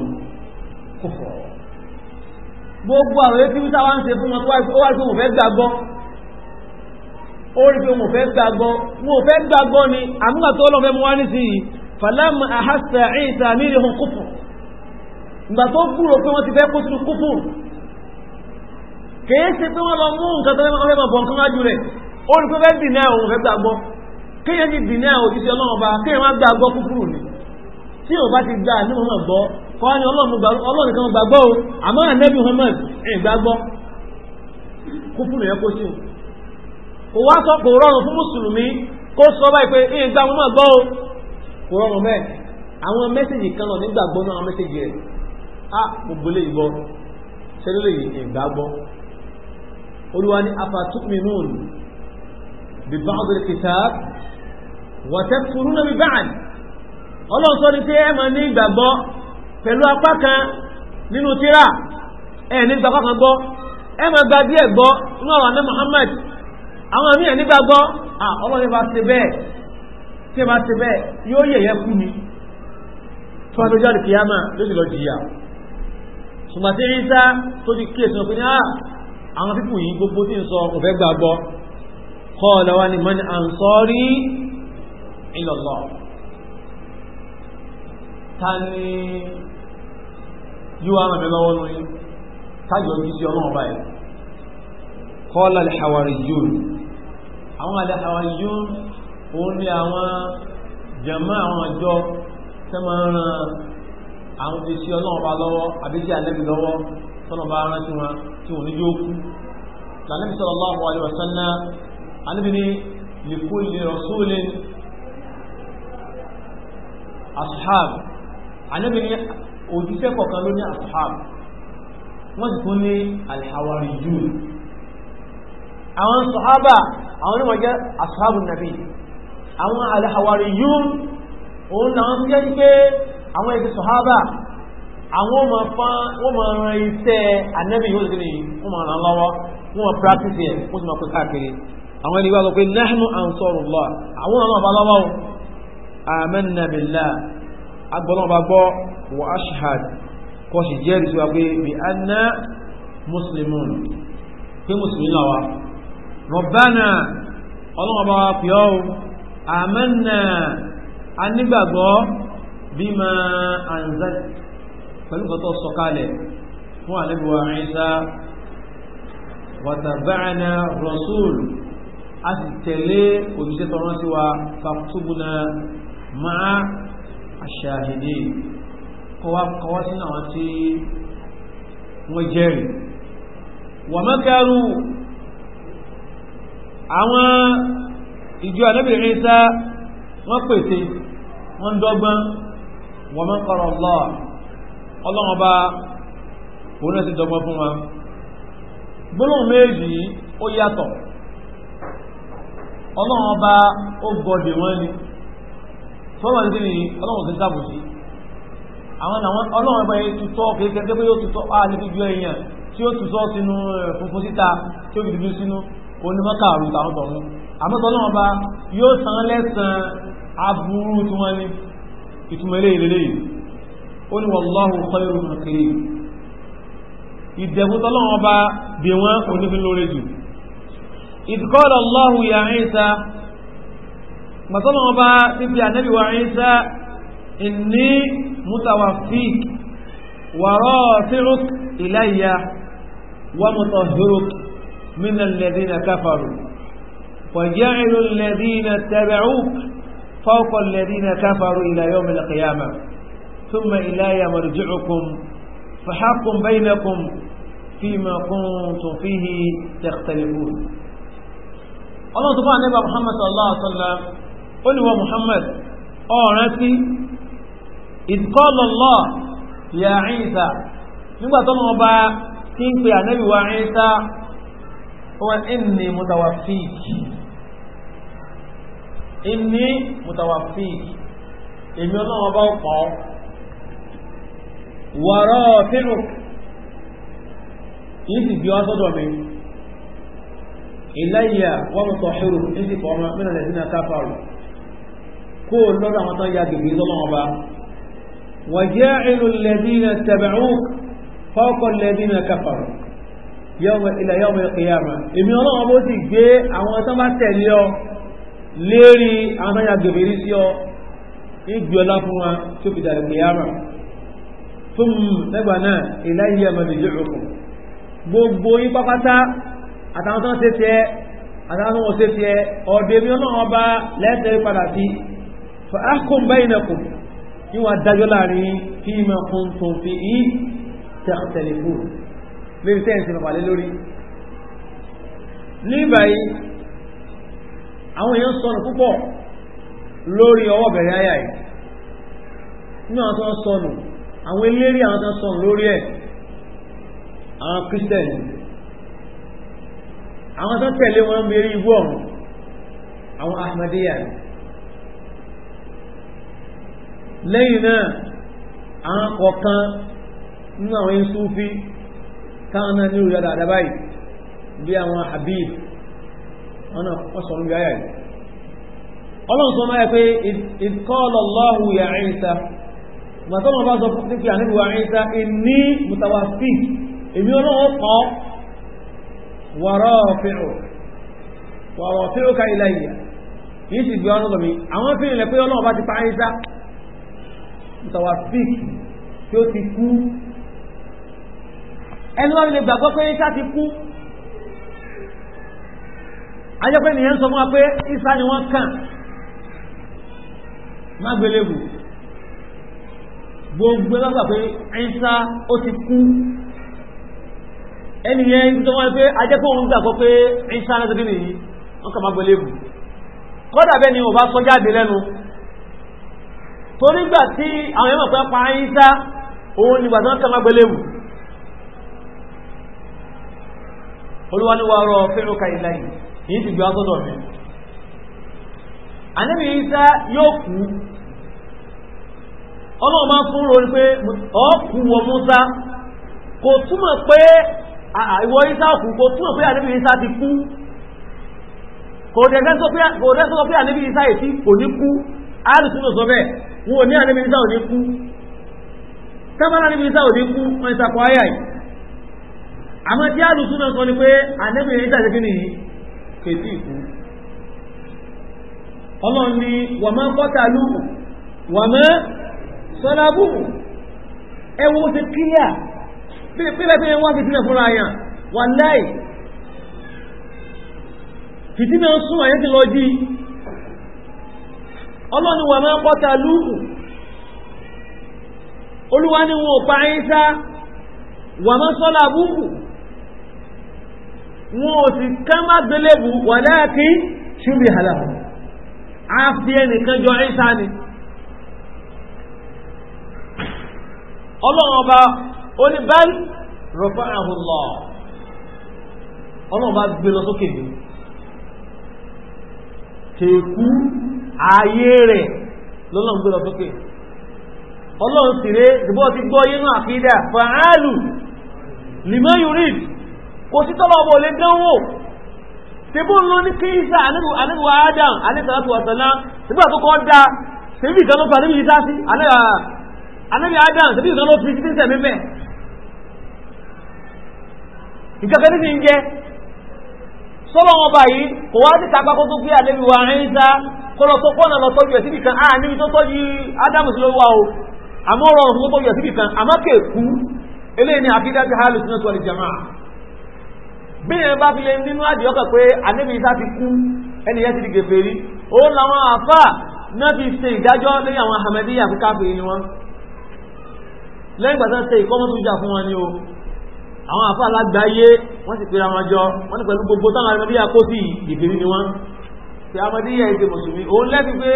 kufra gbogbo àwọn ètí wíta wá ń ṣe fún wọn tó wáyé pé wọn fẹ́ gbàgbọ́ ó rí pé wọn fẹ́ gbàgbọ́ wọn fẹ́ gbàgbọ́ ni àmúgbà tó lọ́fẹ́ wá nísìnyí falamma ahassa Isa minhum kufra ìgbà tó gbúrò pé wọ́n ti fẹ́ kó sínú kúfù kìí ṣe pé wọ́n lọ mú kan na ti dìnà òjíṣẹ́ ọlọ́run ọba kéèyàn wá gbàgbọ́ ni ti gbà ní mọ̀mọ̀ gbọ́ kọ́ ni ọlọ́run kan o àmọ́ ànẹ́bí Muhammad ẹ̀ gbàgbọ́ kúfùrù yẹn kó sí o kò wá sọ kò rọrùn fún gba o àwọn kan náà a ah, gbogbo lè gbọ́ tẹ́lẹ̀ ìgbà gbọ́ olúwa ni afatu'minun bi ba'd al-kitab wa takfuruna bi ba'd ọlọ́run sọ pé ẹ máa ní ìgbàgbọ́ pẹ̀lú apá kan nínú tírà ẹ ní gbàgbọ́ kan gbọ́ ẹ máa gba díẹ̀ gbọ́ inú Muhammad àwọn míì ní gbàgbọ́ ọlọ́run bá ṣe bẹ́ẹ̀ bá bẹ́ẹ̀ yóò yẹ̀yẹ́ kú lóṣù sùmàtí ìsá tó ti kíyèsí wọn pé ní ah, àwọn pípù yìí gbogbo tí ń sọ kò fẹ́ gbàgbọ́ kọ́ọ̀lọ́ wa ni mọ́ni à ń sọ rí ìlọ̀lọ́ ta ni yíwá ràn mí lọ́wọ́ nù yín tájọ yìí sí ọlọ́run báyìí kọ́ọ̀lọ́ lè hàwárí yún àwọn àlẹ́ hàwárí yún òun ni àwọn jàmá àwọn àjọ tẹ́ máa ń ran àwọn ti ṣe ọlọ́run bá lọ́wọ́ àbí sí àlẹ́bí lọ́wọ́ tọ́nà bá rán sí wọn tí wọ́n ní yóò kú ní rasulin ashab ànábì ní òjíṣẹ́ kọ̀ọ̀kan ló ní ashab wọ́n sì tún ní alhawariyun àwọn sọ̀hábà àwọn onímọ̀ jẹ́ nabi àwọn alhawariyun òun náà ń jẹ́ àwọn ẹgbẹ́ sọ̀hábà àwọn ọmọ fán wọ́n mọ̀ ran iṣẹ́ anẹ́bì yóò dìde wọ́n mọ̀ ràn lọ́wọ́ wọ́n mọ̀ practice ẹ̀ wọ́n sì mọ̀ pé káàkiri àwọn ẹni wá lọ pé nahnu ansurullah àwọn ọmọ ọba lọ́wọ́ amanna billah agbọ́nà ọba gbọ́ wa ashhad kọ́ sì jẹ́rìí sí wa pé bi anna muslimun pé mùsùlùmí làwa rabbana ọlọ́wọ́ bá wa pè ọ́ amanna anígbàgbọ́ bima anzal pẹ̀lú kọ́tọ́ sọ̀kalẹ̀ fún àlẹ́bíwá Ìsá wàtàbáàna rasul a sì tẹ̀lé òjíṣẹ́ tọrọ sí wa fàkútùbùnà máa àṣàhìdì kọwàkọwà sínú àwọn tí wọ́n jẹ́rì wà mọ́kàrù àwọn ìjọ àlẹ́bíwá Ìsá wọ́n pèsè wọ́n dọ́gbọ́n wa man qara Allah ọlọ́run bá òun náà ti dọ́gbọ́n fún wa gbólóhùn méjì ó yàtọ̀ ọlọ́run ọba ó gbọ́dẹ̀ wọ́n ni sọ́wọ́n ti ní ọlọ́run ti sábòsí àwọn àwọn ọlọ́run ọba yìí tutọ́ kékeré pé yóò tutọ́ á ní fífi èèyàn tí ó tutọ́ sínú eh, funfun síta tí ó dúdú sínú onímọ́kà àrùn tàwọn tọ̀hún àmọ́ ọlọ́run ọba yóò san lẹ́sàn aburú tí wọ́n ní ìtumẹ̀lẹ́ ìrẹ́lẹ́ yìí ó ní wallahu khairul makirin ìdẹ̀kùn tọ́lọ́wọ́n bá bí wọ́n onífin lórí jù idh qala Allahu ya Isa mọ̀tọ́lọ́wọ́n bá títí ànábì wa Isa inni mutawaffik wa rafi'uk ilayya wa mutahhiruk min alladhina kafaru wa ja'ilu alladhina tabauka فوق الذين كفروا إلى يوم القيامة ثم إلي مرجعكم فحق بينكم فيما كنتم فيه تختلفون الله سبحانه وتعالى محمد صلى الله عليه وسلم قل هو محمد أعنتي إذ قال الله يا عيسى نبى طلبا تنقي النبي وعيسى هو إني متوفيك inni mutawaffiq èmi ọlọ́wọ́n bá pọ̀ wọ̀rọ̀ fínú yìí sì bí wá sọ́dọ̀ mi ilayya wọ́n mú tọ̀ṣúrù ní sì fọ́ ọmọ mẹ́rin lẹ́sìn náà káfàrù kó lọ́dọ̀ àwọn tó ya gbègbè lọ́wọ́n bá وجاعل الذين تبعوك فوق الذين كفروا يوم إلى يوم القيامة إمي الله أبوتي جي أمو تما تليو lérí àwọn tó ń ya gèbèrè sí ọ ìgbì ọlá fún wa tí ó fi dàrú kìyàmà fún lẹ́gbà náà ìláyé ẹ̀mọ̀lẹ̀ jẹ́rùkùn gbogbo yí pápátá àtàwọn tó ń ṣe tiẹ̀ àtàwọn tó ń ṣe tiẹ̀ ọ̀dọ̀ èmi ọlọ́run ọba lẹ́sẹ̀ padà sí fàákùn bẹ́yìn náà kù níwọ̀n adájọ́ láàrin fi máa kún tó fi í tẹ̀lé fún lórí tẹ́yìn sí lọ́pàá lé lórí ní báyìí àwọn èèyàn sọnù púpọ̀ lórí ọwọ́ bẹ̀rẹ̀ ayà yìí nínú àwọn tó ń àwọn eléré àwọn tó ń lórí ẹ̀ àwọn kírísítẹ̀nì àwọn tẹ̀lé wọn mérí igbó ọ̀run àwọn ahmadiyya lẹ́yìn náà àwọn kọ̀ọ̀kan nínú àwọn táwọn náà ní bí àwọn wọ́n sọ̀rọ̀ bí ayà yìí ọlọ́run sọ máa pé ìkọ́ọ̀lọ̀ lọ́hù ya Ìsá màtọ́mọ̀ bá sọ fún kí àníbi wa Ìsá inni mutawafi èmi ọlọ́run kọ́ wọ̀rọ̀ fíò ká ilẹ̀ yìí yìí sì gbé ọlọ́run mi àwọn fi ilẹ̀ pé ọlọ́run bá ti pa Ìsá mutawafi tí ó ti kú ẹni wọ́n lè gbàgbọ́ pé Ìsá ti kú ajẹ́pẹ́ nìyẹn sọ mọ́ pé isa ni wọ́n kàn má gbélébù gbogbo lọ́gbà pé isa ó ti kú ẹnìyẹn sọ mọ́ pé ajẹ́pẹ́ òun gbàgbọ́ pé isa lọ́sọ̀dún nìyí wọ́n kàn má gbélébù kọ́dà bẹ́ẹ̀ ni ò bá sọ jáde lẹ́nu torí gbà tí àwọn ẹ̀mọ̀ pẹ́ pa isa òun nígbà tí wọ́n kàn má gbélébù olúwa ni wàá rọ fẹ́ràn ká èyí ti gbé wá sọ́dọ̀ mi ànábì yóò kú ọlọ́run máa fún rori pé ọ̀ọ́kú wọ Mùsá kò túmọ̀ pé ìwọ Ìsá kú kò túmọ̀ pé ànábì Ìsá ti kú kò dẹ̀dẹ́ pé ànábì Ìsá èsì kò ní kú alùsùnù sọ bẹ́ẹ̀ wọn ò ní Ìsá ò ní kú Ìsá ò ní kú ayà yìí àmọ́ tí ni pé Ìsá kètì ìkú ọlọ́run ni wà máa kọ́ta lúkù wà máa sọ́lá búkù ẹwọ́ ti kíyà pípẹ́pẹ́ wọ́n fi sílẹ̀ fúnra yàn wà láì fìtínà sún àyẹ́ ti lọ jí ọlọ́run wà máa kọ́ta lúkù olúwa ni wọn ò pa ayíṣá wà máa sọ́lá búkù wọn ò sì ká má gbélébù wàláàkí ṣúbì àlàbù a fi ẹnìkan jọ ìsá ni ọlọ́run ọba oníbẹ́lì rọ̀fà àhùlọ̀ ọlọ́run ọba gbé lọ sókè ní kèkú ayé rẹ̀ lọ́lọ́run gbé lọ sókè ọlọ́run sì rẹ̀ ìbọ́ ti gbọ́ yínú àkídà fa'álù lìmọ́ yurid kò sí tọ́lọ̀ ọmọ olè dánwò tí bó ń lọ ní kírísà anẹ́gbà adam anẹ́sàlátù wàsànlá nígbà tó kọ́ dá tẹ́bí ìkan ló fà níbi sí adam tẹ́bí ìkan ló títí sẹ̀mí bẹ̀ ìkẹ́kẹ́ ní ti ń jẹ́ sọ́lọ́ wọn báyìí kò wá sí kápá kó tó gbé anẹ́bí wa ẹ̀ńsá kọlọ tó pọ́nà lọ tọ́jú ẹ̀ adam sí ló o àmọ́ bí yẹn bá fi lè nínú àdìọ́kàn pé ànábì Ìsá ti kú ẹni yẹn ti di kèfèrí ó làwọn àfà náà fi ṣe ìdájọ́ lórí àwọn Ahmadiyya àti káfíìn ni wọn lẹ́yìn ìgbà tó ń ṣe ìkọ́mọ́tòjà fún wọn ni o àwọn àfà alágbàáyé wọ́n sì pèrè àwọn jọ wọ́n ní pẹ̀lú gbogbo táwọn Ahmadiyya kó sí ìkèfèrí ni wọn ṣe Ahmadiyya èdè mùsùlùmí òun lẹ́bi pé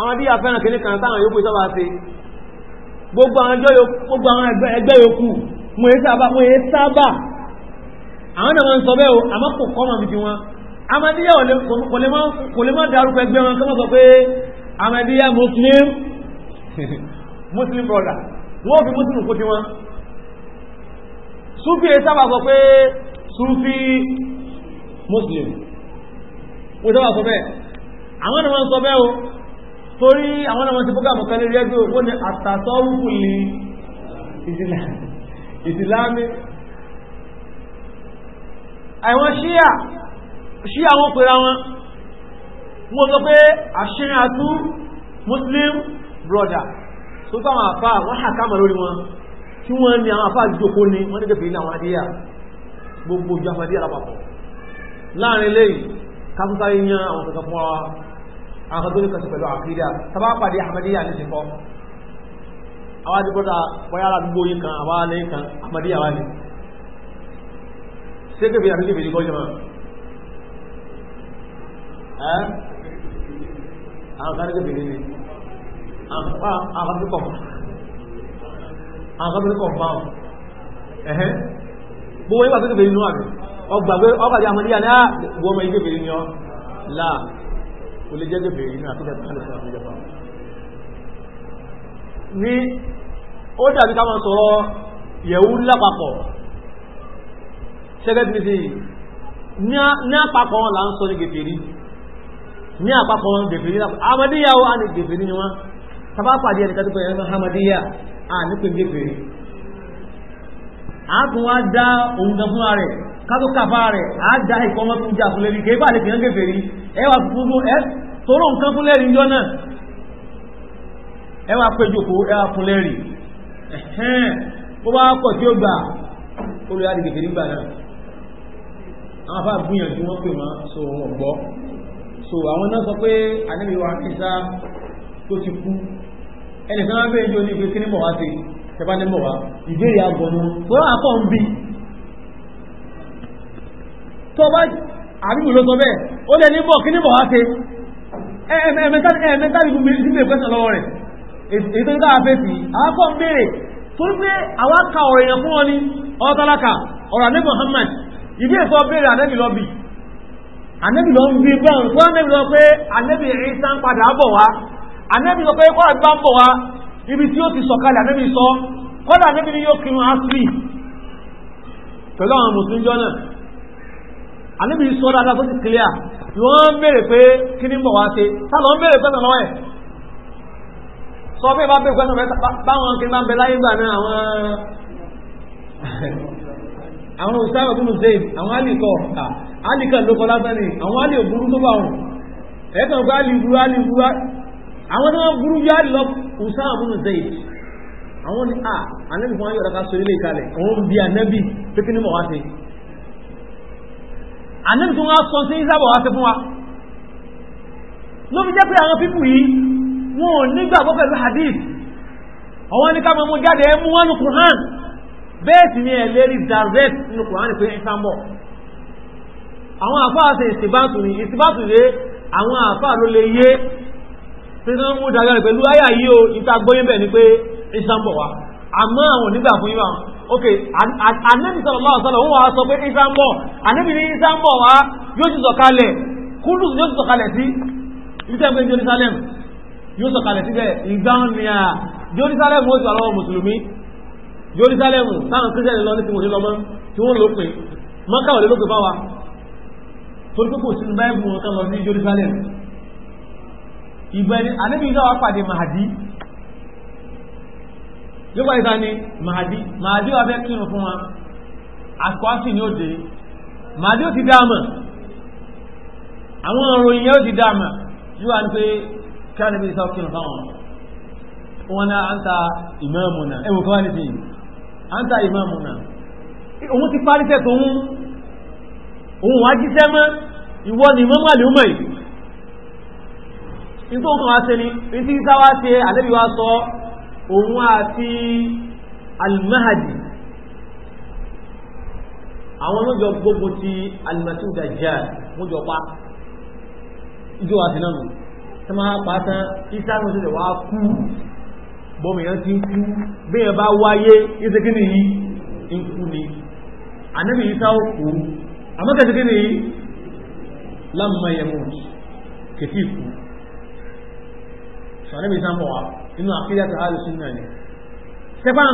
Ahmadiyya fẹ́ràn kìnnì kan táwọn yòókù sábà ṣe gbogbo àwọn ẹgbẹ́ àwọn náà ń sọ bẹ́ẹ̀ o àmọ́ kò kọ́ màmí tiwọn Ahmadiyya kò lè má darúkọ ẹgbẹ́ wọn kọ́mọ́ sọ pé Ahmadiyya muslim [LAUGHS] muslim brother wọ́n fi muslim kó tiwọn Sufi sábà sọ pé Sufi muslim wọ́n sábà sọ bẹ́ẹ̀ àwọn náà ń sọ bẹ́ẹ̀ o torí àwọn náà ti fúgà mọ̀kànlẹ̀ rẹ́gbẹ́ òkú ni àtàtọ́ wùkù ní ìsìlámi àwọn ṣíyà ṣíyà wọ́n pèrà wọn mọ́ sọ pé àṣírin àtú muslim brother tó bá wọn àfá wọ́n hàkámà lórí wọn kí wọ́n ní àwọn àfá àjòkó ni wọ́n nígbẹ̀ fèyí láwọn adíyà gbogbo ìjọ àwọn adíyà lápapọ̀ láàrin lẹ́yìn káfíńsá yan àwọn kankan fún wa àwọn tó ní kan sí pẹ̀lú àkídà tàbá pàdé àmàdíyà ní ṣẹkọ́ àwọn adìbọ́dà bọ́yá àdúgbò yìí kan àwọn alẹ́ ṣé kébèrè àti kébèrè kọ́ jẹ́mọ́ ẹ́ àwọn kan kébèrè ni àwọn kan kọ̀ àwọn kan kọ̀ fún àwọn ẹ̀hẹ́ gbogbo yíwà tó kébèrè nínú àbí ọgbàgbé ọgbàdì àmàdíyà ní àwọn ọmọ ìkébèrè ni ọ láà kò lè jẹ́ kébèrè nínú àti ní ó dàbí ká máa sọ̀rọ̀ yẹ̀wú lápapọ̀ ṣẹ́gẹ́tì ní sí ní àpapọ̀ wọn là ń sọ ní gẹ̀fẹ̀rí ní àpapọ̀ wọn gẹ̀fẹ̀rí Ahmadiyya ó ní gẹ̀fẹ̀rí ni wọ́n tàbápàdé ẹnìkan tó pẹ̀lú Ahmadiyya à ní pé gẹ̀fẹ̀rí àákùn wá dá òun gan fúnra rẹ̀ kátó kàfà rẹ̀ á dá ìkọ́ wọn fún jà fún lẹ́rí kẹ́ bá lè fi hàn gẹ̀fẹ̀rí ẹ wà fún ẹ tóró nǹkan fún lẹ́rí jọ náà ẹ wà péjòkó ẹ wà fún lẹ́rí bó bá pọ̀ tí ó gbà olùyàdì gẹ̀fẹ̀rí gbà náà àwọn afá gbìyànjú wọ́n pè ma so wọ́n gbọ so àwọn náà sọ pé wa tó ti kú ẹnì kan wọ́n bẹ̀rẹ̀ jọ ní ibe ní mọ̀ sí ṣẹba ní mọ̀ wá ìbéèrè àgbọ̀ ni wọ́n wọ́n àkọ́ ń bí tó bá àbíbù ló sọ bẹ́ẹ̀ ó lẹ́ ní mọ̀ kí ní mọ̀ wá sí ẹ̀ẹ̀mẹ́ta ìlú mi sí ilé ìbí ẹ̀sọ́ bèèrè ànẹ́bì lọ bí ànẹ́bì lọ ń bí bọ́n tó ànẹ́bì lọ pé ànẹ́bì Ìsá ń padà bọ̀ wá ànẹ́bì lọ pé kọ́lá gbá ń bọ̀ wá ibi tí ó ti sọ̀kalẹ̀ ànẹ́bì sọ kọ́lá ànẹ́bì ni yóò kinu asli pẹ̀lú àwọn mùsùlùmí jọ náà ànẹ́bì sọ dáadáa tó ti clear wọ́n ń bèèrè pé kí ni bọ̀ wá ṣe sálọ ń bèèrè pẹ́sàn lọ́wọ́ ẹ̀ sọ pé bá bèèrè pẹ́sàn báwọn kí n bá ń bẹ láyé gbà náà àwọn àwọn Usama bin Zayd àwọn alìkọ̀ ọ̀kà alìkà ló kọ lásán ni àwọn alì òbúrú tó bá wọn ẹ̀kàn pé alì burú alì burú àwọn tó wọ́n burú yá lọ Usama bin Zayd àwọn ni a anẹ́bì fún ayọ̀ ọ̀dọ́ka sórí ilé ìkalẹ̀ àwọn bí anẹ́bì pé kí ni mọ̀ wá sí anẹ́bì tó wá sọ sí ìsábọ̀ wá sí fún wa ló fi jẹ́ pé àwọn pípù yìí wọn ò nígbàgbọ́ pẹ̀lú hadith àwọn ní ká bẹ́ẹ̀ sì ni ẹ̀lérí direct nínú pé bọ̀ àwọn àfáà ni ìsìbátù rẹ̀ àwọn àfáà ló lè yé tí wọ́n mú dájọ́ rẹ̀ pẹ̀lú ayà o ìta gbóyé bẹ̀ ni pé ìsá ń bọ̀ wá àmọ́ àwọn onígbà fún yíwá ok anẹ́bí sallallahu alaihi wasallam wọ́n wá sọ pé bọ̀ anẹ́bí bọ̀ wá yóò ti sọ̀kalẹ̀ yóò ti sọ̀kalẹ̀ sí Jerusalem táwọn kírísẹ̀lẹ̀ lọ ní ti wọ́n ní lọ́mọ́ tí wọ́n lópin mọ́ká ò lè lópin fáwa torí pé kò sínú báyìí wọn kan lọ sí Jerusalem ìgbẹ́ni àníbi iná wa pàdé Mahadi yóò pàdé ta ni Mahadi Mahadi wa fẹ́ kírun fún wa àkọ́ àti ní òde Mahadi ó ti dá àmà àwọn òròyìn yẹn ó ti dá àmà yóò wá ní pé kí á níbi iṣẹ́ kírun fáwọn wọn náà à ń ta ìmọ̀ ẹ̀mùnà ẹ̀mùn kan wá nísìnyí àǹtà ìmáàmù náà òun ti parí tẹ́ tòun òun wá jíṣẹ́ mọ́ ìwọ ni mọ́mọ́ àlè ọmọ yìí nítorí kan wá ṣe ni ní tí sáwá ṣe àdébí wá sọ òun àti almahadi àwọn olóòjọ gbogbo ti alimasiu dajjal wọ́n jọ pa ìjọ àti náà nù tí wọ́n pa tán ìsáàmù sílẹ̀ wá kú bọ́mìyàn ti ń kú bí ẹ bá wáyé ìsẹ́kíní yìí ń kú ni ànábì yìí sáà kú àmọ́kẹ́sẹ́kíní yìí lámà yẹmú kìtì kú sọ̀rọ̀ bí sáà mọ̀ wá inú àkídà tó hálù sí náà ni ń bọ̀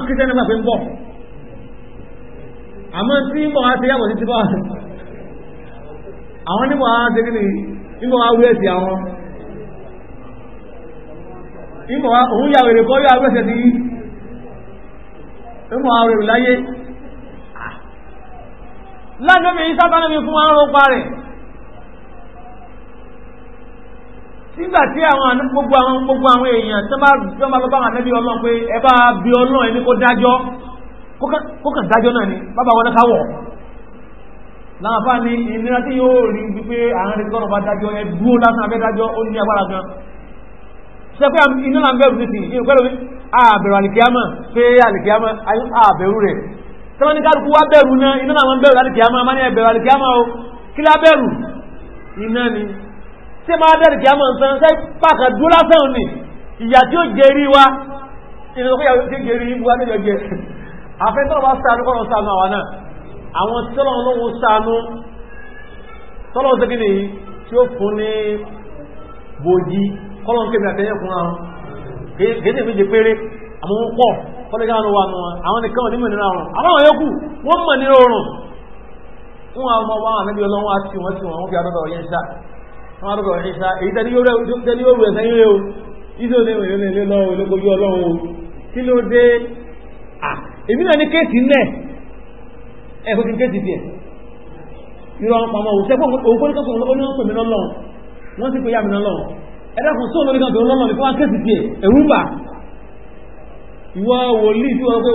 àmọ́ tí ń bọ̀ wá sí yàgò bọ̀ àwọn wá wá ìmọ̀ òun yà wèrè kọ́ yóò agbẹ́sẹ̀ sí ìmọ̀ àwèrè láyé láàrín èyí sábánàmí fún àrùn pa rẹ̀ nígbà tí àwọn gbogbo àwọn gbogbo àwọn èèyàn tó bá jọ bá lọ́pàá àmẹ́bí ọlọ́run pé ẹ bá bí ọlọ́run ẹni kó dájọ́ kó kàn dájọ́ náà ni bàbá wọn káwọ̀ láàfáà ni ìnira tí yóò rí wípé àwọn ẹni bá dájọ́ ẹ dúó lásán abẹ́ dájọ́ ó ní agbára gan sọ pé iná là ń bẹ̀rù sí ìyí pẹ́lú mi àbẹ̀rù àlìkíámà pé àlìkíámà àbẹ̀rù rẹ̀ tọ́wọ́ ní kálukú wá bẹ̀rù náà iná làwọn bẹ̀rù àlìkíámà má ní ẹ̀bẹ̀rù àlìkíámà o kí lá bẹ̀rù iná ni tí a máa bẹ̀rù kíámà ń san sẹ́ pàkà dúró lásán ni ìyà tí ó jẹrí wa ìrìnlọ́pẹ́ yàwó tí ó jẹrí ibú wa níjọ jẹ àfẹ́tọ́ wa sànú kọ́nà sànú àwa náà àwọn tí tọ́lọ́ lọ́wọ́ sànú tọ́lọ́ sẹ́kìnì tí ó fún ní bòjì kọ́lọ̀n kébì àtẹ́yẹ fún àwọn kéèkéé méje péré àwọn ń pọ̀ fọ́lẹ́gá àwọn wà nù àwọn nìkan ò nímọ̀ nínú àrùn àwọn yòókù wọ́n mọ̀ nínú oòrùn wọ́n àwọn ọmọ àmẹ́bí ọlọ́wọ́ á wọ́n ti wọ́n fi adọ́dọ̀ ọ̀yẹ́ ṣá wọ́n adọ́dọ̀ ọ̀yẹ́ ṣá èyí lọ́wọ́ wọ́n sì pé yá mi lọ́lọ́run ẹ̀dẹ́kùn tó lórí kan tó lọ́lọ́ ní fún akẹ́sì tí ẹ̀ ẹ̀rú bà ìwọ wòlíì tí wọ́n pé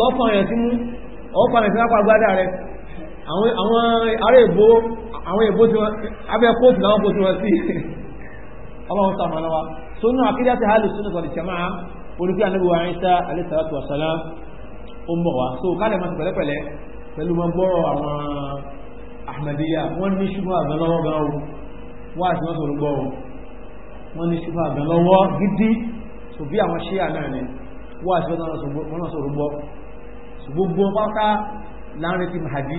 lọ́fàn ẹ̀ sí mú ọ̀pàá ẹ̀ sí lápá gbádà rẹ̀ àwọn ará èbó àwọn èbó tí wọ́n abẹ́ kóòtù láwọn kóòtù wọn sí [LAUGHS] ọlọ́run sàmàlà wa tó nù àkídá ti hálù sínú ìtọ́lì jama oríkì ànábì wa Ìsá alayhi salatu wa salam ó mọ̀ wá so kálẹ̀ máa ti pẹ̀lẹ́pẹ̀lẹ́ pẹ̀lú wọn gbọ́rọ̀ àwọn Ahmadiyya wọ́n ní ṣùgbọ́n àgbẹ̀lọ́wọ́ gan-an wọ́n àti wọ́n sọ̀rọ̀ gbọ́rọ̀ wọ́n ní ṣùgbọ́n àgbà gidi so bí àwọn ṣe àná ni wọ́n àti wọ́n náà sọ̀rọ̀ gbọ́ gbogbo pátá láàrin ti mahadi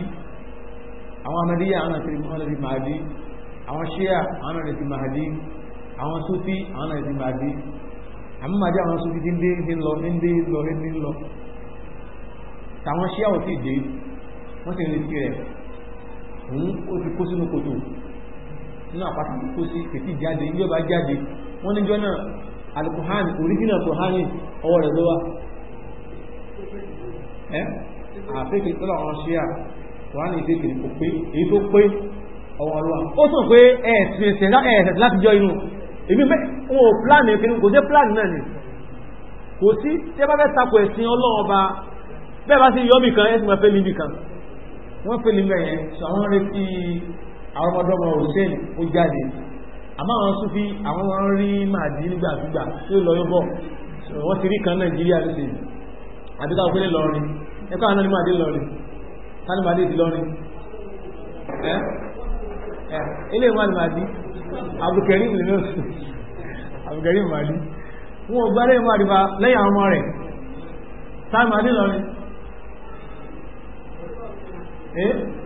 àwọn amadíyà àwọn àti ìmọ̀lẹ̀ ti mahadi àwọn ṣíà àwọn àti mahadi àwọn sufi àwọn àti mahadi àmì mahadi àwọn sufi ti ń dé ń lọ ń dé lọ ń dé lọ tàwọn ṣíà ò sì dé wọ́n sì ń retí rẹ̀ òun ó ti kó sínú kòtò nínú àpáta kó sí kètì jáde ilé ọba jáde wọ́n níjọ́ náà alukuhani original kuhani ọwọ́ rẹ̀ ló wá ẹ́ àfẹ́kẹ̀ tọ́lá wọn ṣe à kuhani ìdẹ́kẹ̀ kò pé èyí tó pé ọwọ́ ló wá ó sọ pé ẹ̀ẹ̀sẹ̀ láti jọ inú èmi wọn ò pláàni kí kò sí pláàni náà ni kò sí tí ẹ bá fẹ́ takò ẹ̀sìn ọlọ́wọ́ bá bẹ́ẹ̀ bá sí yọ́mì kan ẹ̀sìn wọn fẹ́ níbi kan wọ́n fẹ́ níbi ẹ̀yẹn sọ àwọn retí àwọn ọmọdọ́mọ hussein ó jáde àmọ́ àwọn súnfí àwọn wọn rí màdí nígbàkúgbà tí ó lọ bọ̀ wọ́n ti rí kan nàìjíríà ló ṣe àbíká òfin lọrin ẹ̀kọ́ àwọn ní màdí lọrin tani màdí ti lọrin ẹ́ ẹ́ ilé ìwọ̀n ni màdí abdulkarim lè náà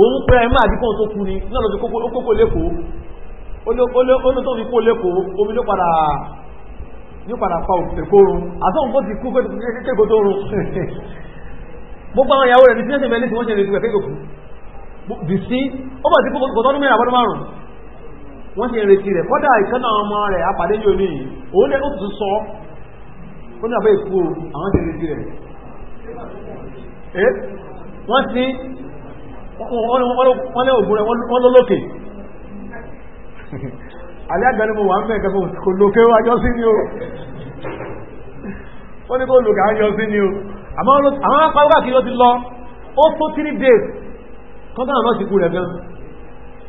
òun pẹ́ ẹ̀mọ́ àdíkọ́ tó kú ni náà lọ́dún kókó lẹ́kọ̀ọ́ olótó fi kó lẹ́kọ̀ọ́ omi ló padà yóò padà pa òkèkórun àtọ́hùn bó ti kú kéèkó tó rún [LAUGHS] gbogbo àwọn ìyàwó rẹ̀ ní tíyẹ́sì mẹ́lẹ́ tí wọ́n ṣe lè tukẹ̀ kéèkó bì sí ó bọ̀ sí kókó tọ́dún mẹ́rin àbọ́dún márùn wọ́n ṣe retí rẹ̀ kọ́dà ìkánná ọmọ rẹ̀ apàdé yóò ní òun lẹ́ ó tún sọ ó ní àbẹ́ ìkú àwọn ṣe retí rẹ̀ wọ́n ti wọ́n lẹ́ ògùn rẹ̀ wọ́n lólókè alágbẹ̀lẹ́mọ̀ wà ń fẹ́ kẹfẹ́ kò lókè wájọ́ sí ni o ó ní kó lókè wájọ́ sí ni o àwọn apáwọ́gá kí ló ti lọ ó tó 3 days kọ́gbà náà ti kú rẹ̀ gan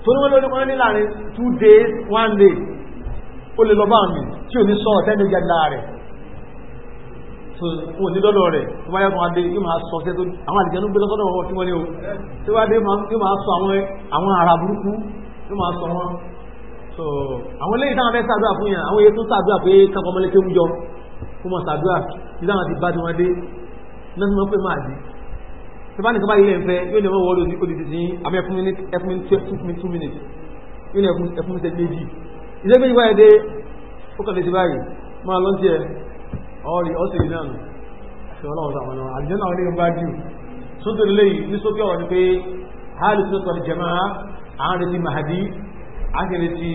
tó ní wọ́n lórí wọ́n ní láàrin 2 days 1 day ó lè lọ bá mi tí ò ní sọ ọ̀tẹ́ni jẹ́ láàrin so wọn ní lọ́dọ̀ rẹ̀ tó bá yàtọ̀ adé yóò máa sọ sẹ́tọ́ àwọn àlìjẹ́nu gbé lọ́sọ́dọ̀ wọn tí wọ́n ní o tí wọ́n adé yóò máa sọ àwọn ara burúkú yóò máa sọ wọn so àwọn eléyìí táwọn fẹ́ ṣàdúrà fún yàn àwọn èyí tó ṣàdúrà pé kankan ọmọ lẹ́kẹ́ ń jọ kó mọ̀ ṣàdúrà tí táwọn ti bá ti wọn dé náà tí wọ́n pè máa di tí bá nìkan bá ilé ìfẹ́ yóò ní wọ́n lórí odidi sí àmì ẹfún mi ẹfún mi ọ̀rì ọ̀sẹ̀ iná nù ṣe ọlọ́run àwọn ọ̀nà àjẹ́ náà ní ń bá jù sótò lè ní sókè ọ̀rọ̀ ni pé hálì tó tọ̀rọ̀ jẹ́mà à ń retí mahadi à ń retí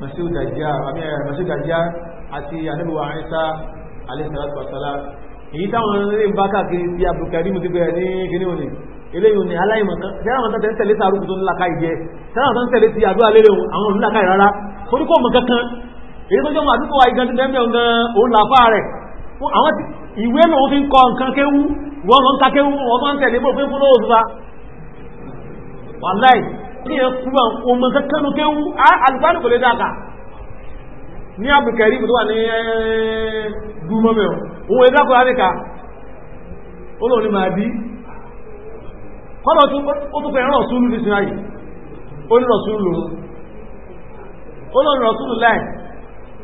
masiu dajjá eh, àti ànábì Ìsá alayhi salatu wassalam èyí táwọn ilé ń bá káàkiri bí abdulkarim ti bẹ̀rẹ̀ ní kíní òní eléyìí ni aláìmọ̀tán sẹ́ráwọn tán tẹ̀lé sàárùkù tó ńlá káì jẹ sẹ́ráwọn tán ti àdúrà lélẹ̀ òun ńlá káì rárá torí kò mọ̀ kankan èyí tó jẹ́ wọn àdúgbò àìgàn ti lẹ́mẹ̀ ọ̀gán òun làfá rẹ̀ àwọn ìwé lòun fi ń kọ nǹkan kéwú wọ́n ń wọ́n ń tẹ̀lé bó fún wàláì ní àwọn ọmọ kéwú kò lè dáka ní abùkẹ́rí tó wà ní òun ẹ̀dá máa bí kọ́lọ̀ tó fẹ́ràn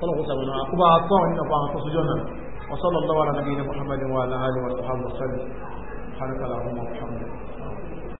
tọ́lọ̀kọ́ sàbọ̀nà àkúbà tọ́ nínú àwọn akọ́sójọ́ náà wasallallahu ala nabiyina muhammadin wa ala alihi wa sahbihi wa sallam subhanaka allahumma wa bihamdika